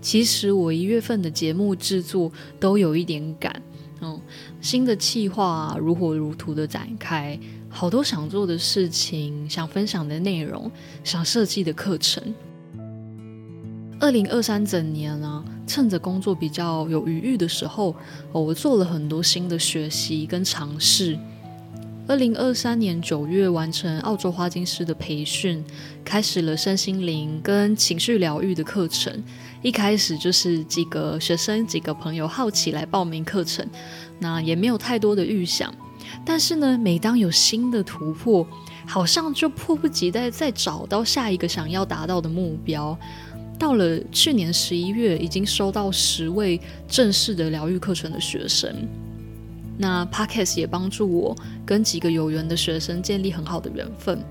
其實我一月份的節目製作都有一點趕，嗯，新的企劃、啊、如火如荼的展開，好多想做的事情、想分享的內容、想設計的課程。二零二三整年呢、啊，趁着工作比較有餘裕的時候，哦、我做了很多新的學習跟嘗試。二零二三年九月完成澳洲花精師的培訓，開始了身心靈跟情緒療癒的課程。一開始就是幾個學生、幾個朋友好奇來報名課程，那也沒有太多的預想。但是呢，每當有新的突破，好像就迫不及待再找到下一個想要達到的目標。到了去年十一月，已經收到十位正式的療癒課程的學生。那 Podcast 也幫助我跟幾個有緣的學生建立很好的緣分，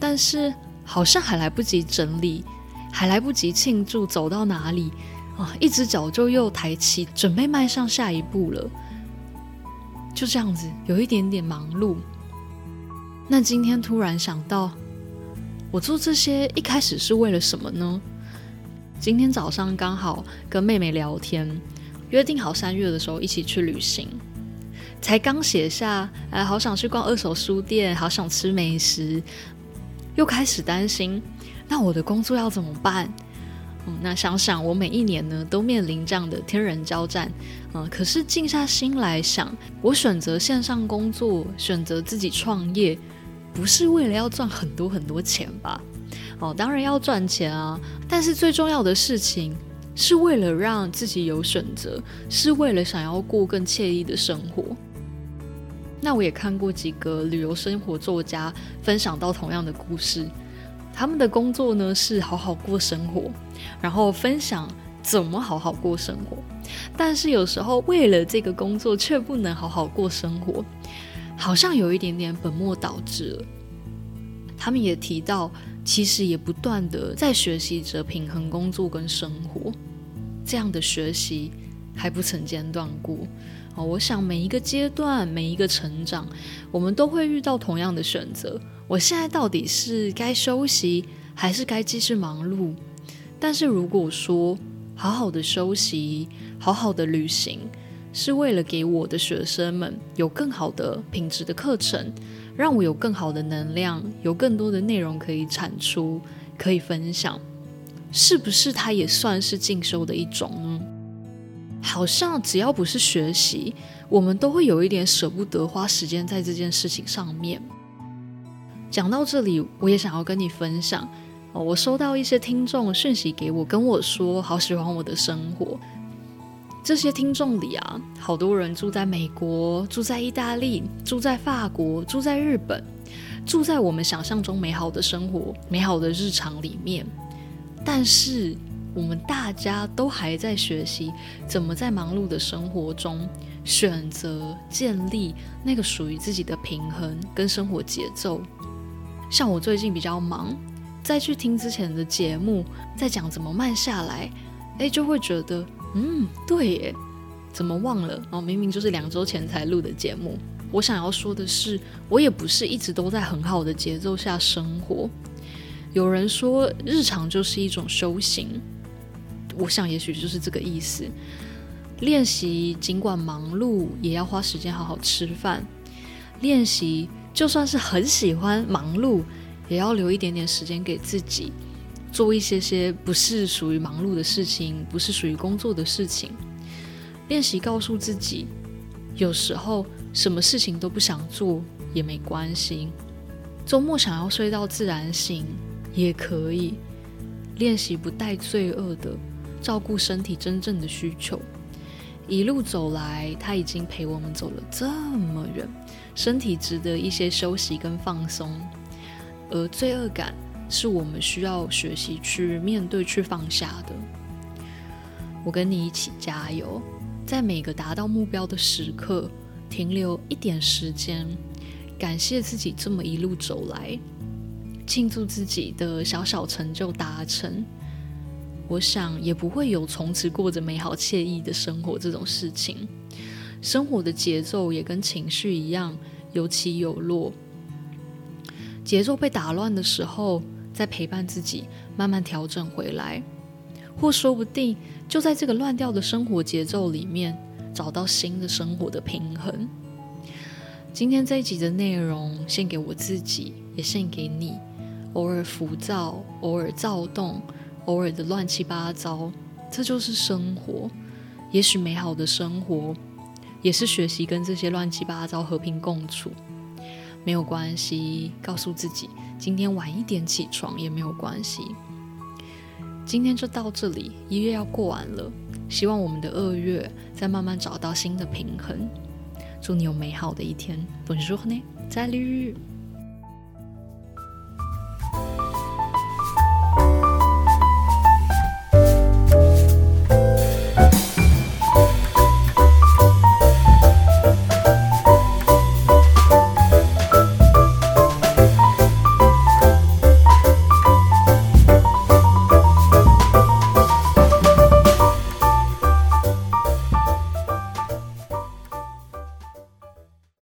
但是好像還來不及整理，還來不及慶祝走到哪裡啊，一隻腳就又抬起，準備邁上下一步了，就這樣子有一點點忙碌。那今天突然想到，我做這些一開始是為了什麼呢？今天早上剛好跟妹妹聊天，約定好三月的時候一起去旅行。才剛寫下，哎，好想去逛二手書店，好想吃美食，又開始擔心，那我的工作要怎麼辦？嗯，那想想我每一年呢，都面臨這樣的天人交戰。嗯，可是靜下心來想，我選擇線上工作，選擇自己創業，不是為了要賺很多很多錢吧？哦，當然要賺錢啊，但是最重要的事情是為了讓自己有選擇，是為了想要過更愜意的生活。那我也看過幾個旅遊生活作家分享到同樣的故事，他們的工作呢是好好過生活，然後分享怎麼好好過生活，但是有時候為了這個工作卻不能好好過生活，好像有一點點本末倒置了。他們也提到，其實也不斷的在學習着平衡工作跟生活，這樣的學習還不曾間斷過。哦，我想每一個階段、每一個成長，我們都會遇到同樣的選擇。我現在到底是該休息還是該繼續忙碌？但是如果說好好的休息、好好的旅行，是為了給我的學生們有更好的品質的課程，讓我有更好的能量，有更多的內容可以產出、可以分享，是不是它也算是進修的一種呢？好像只要不是學習，我們都會有一點捨不得花時間在這件事情上面。講到這裡，我也想要跟你分享哦，我收到一些聽眾訊息給我，跟我說好喜歡我的生活。這些聽眾裡啊，好多人住在美國，住在意大利，住在法國，住在日本，住在我們想象中美好的生活、美好的日常裡面，但是，我們大家都還在學習怎麼在忙碌的生活中選擇建立那個屬於自己的平衡跟生活節奏。像我最近比較忙，再去聽之前的節目，在講怎麼慢下來，哎，就會覺得，嗯，對耶，怎麼忘了？哦，明明就是兩周前才錄的節目。我想要說的是，我也不是一直都在很好的節奏下生活。有人說，日常就是一種修行。我想，也許就是這個意思。練習盡管忙碌，也要花時間好好吃飯。練習就算是很喜歡忙碌，也要留一點點時間給自己，做一些些不是屬於忙碌的事情，不是屬於工作的事情。練習告訴自己，有時候什麼事情都不想做也沒關係。週末想要睡到自然醒也可以。練習不帶罪惡的。照顧身體真正的需求，一路走來，它已經陪我們走了這麼遠，身體值得一些休息跟放鬆。而罪惡感是我們需要學習去面對、去放下的。我跟你一起加油，在每個達到目標的時刻，停留一點時間，感謝自己這麼一路走來，慶祝自己的小小成就達成。我想也不會有從此過着美好愜意的生活這種事情。生活的節奏也跟情緒一樣有起有落，節奏被打亂的時候，再陪伴自己慢慢調整回來，或說不定就在這個亂掉的生活節奏裡面找到新的生活的平衡。今天這一集的內容獻給我自己，也獻給你。偶爾浮躁，偶爾躁動。偶爾的亂七八糟，這就是生活。也許美好的生活，也是學習跟這些亂七八糟和平共處，沒有關係。告訴自己，今天晚一點起床也沒有關係。今天就到這裡，一月要過完了，希望我們的二月再慢慢找到新的平衡。祝你有美好的一天。本書呢，再力。